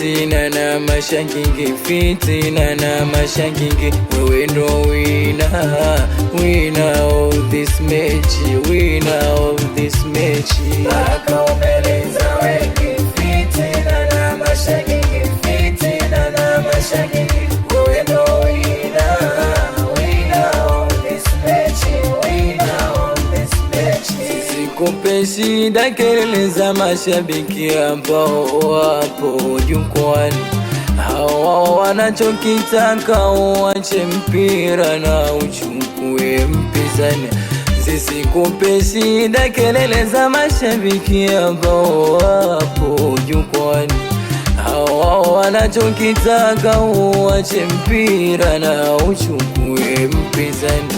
fitina na mashangingi, fitina na mashangingi, wewe ndo wina, wina of this match, wina of this match fitina na mashangingi, fitina na mashangingi upeshi na kelele za mashabiki ambao wapo jukwani. Hawa wanachokitaka uache mpira na uchukue mpinzani. Zisikupeshi na kelele za mashabiki ambao wapo jukwani. Hawa wanachokitaka uache mpira na uchukue mpizani.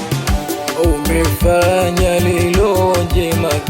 Umefanya lile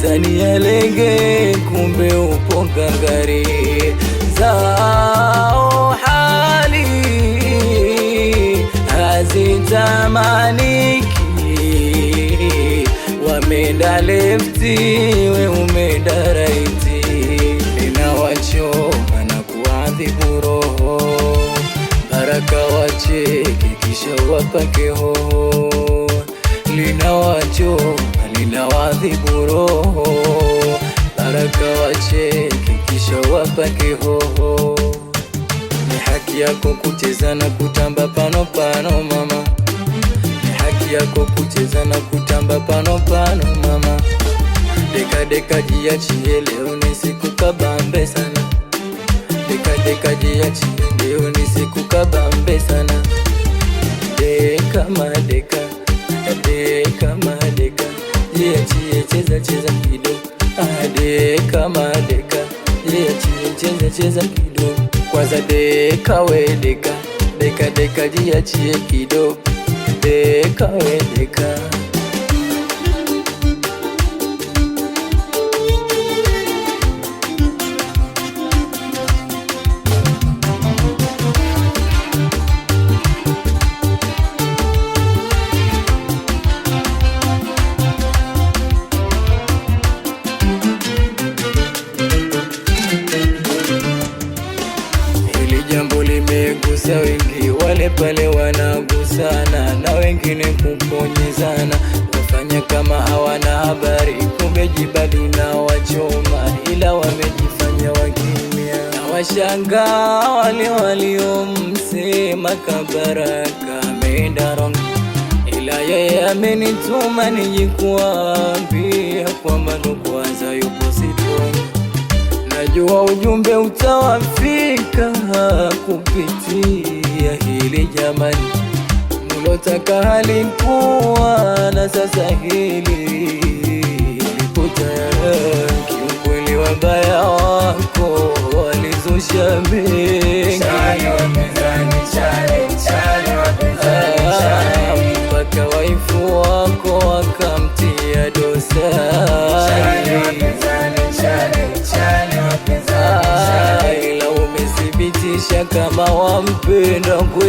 pesa nialenge, kumbe upo ngangari zao hali hazitamaniki, wameenda lefti, we umeenda raiti, ninawachoma na kuadhibu roho, baraka wacheke kisha wapake hoho, linawachoma inawadhibu roho, baraka wacheke kisha wapake hoho. Ni haki yako kucheza na kutamba pano pano mama, ni haki yako kucheza na kutamba pano pano mama. Dekadeka jiachie, leo ni siku kabambe sana. Dekadeka jiachie, leo ni siku kabambe sana. Deka madeka, deka madeka Ye chie cheza cheza kidogo deka madeka Ye chie cheza cheza kidogo Kwanza deka we deka Deka deka jia chie kidogo Deka we deka kugusa, wengi wale pale wanagusana na wengine kuponyezana, wafanya kama hawana habari, kumbe jibali na wachoma, ila wamejifanya wakimya na washanga wale waliomsema Kabaraka ameenda wrong, ila yeye amenituma nijikuambia kwamba ndo kwanza yupo sitoni Najua ujumbe utawafika kupitia hili jamani, mlotaka halikuwa na sasa hili likutayari. Kiukweli wabaya wako walizusha ah, mpaka waifu wako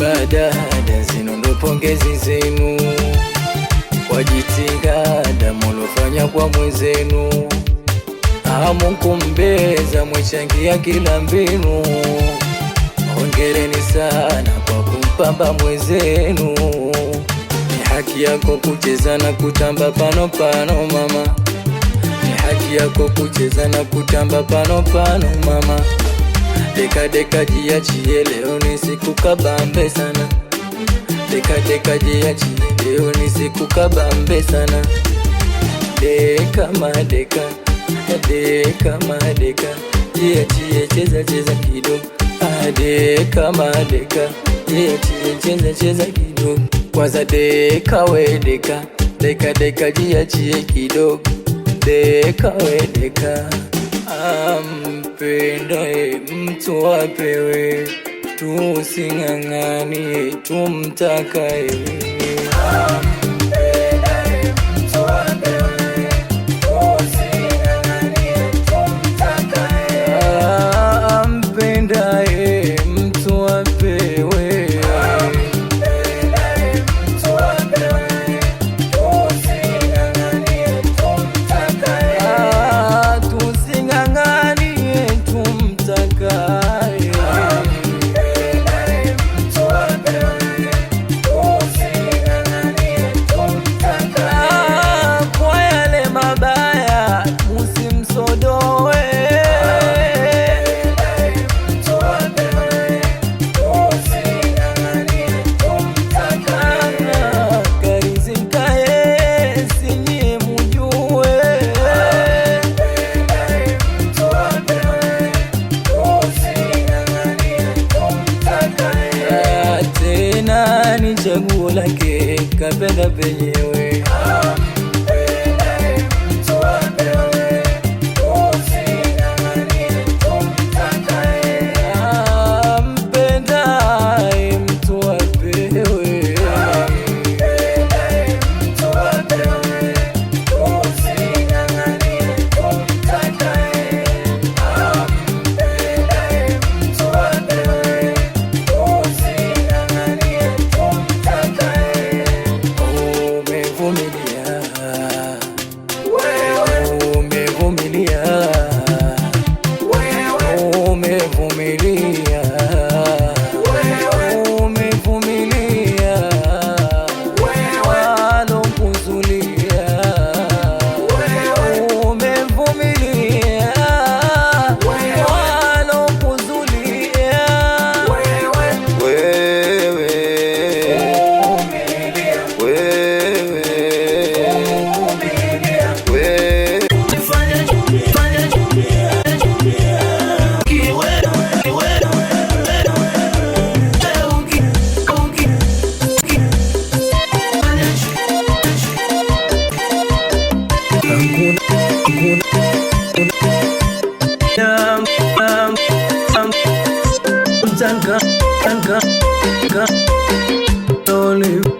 badada zino ndo pongezi zenu kwa jitingada mulofanya kwa mwezenu, amukumbeza mwechangia kila mbinu. Hongereni sana kwa kumpamba mwenzenu ni haki yako kucheza na kutamba pano pano mama, ni haki yako kucheza na kutamba pano pano mama deka deka jia chie leo ni siku kabambe sana. deka deka jia chie leo ni siku kabambe sana. Deka madeka, deka madeka, chie cheza cheza kido ah, Deka madeka, chie cheza cheza kido Kwanza deka wedeka, deka deka jia chie kidogo. Deka wedeka, um tupendaye mtu apewe, tusing'ang'anie tumtakaye. chaguo lake kapenda penyewe and gun and gun gun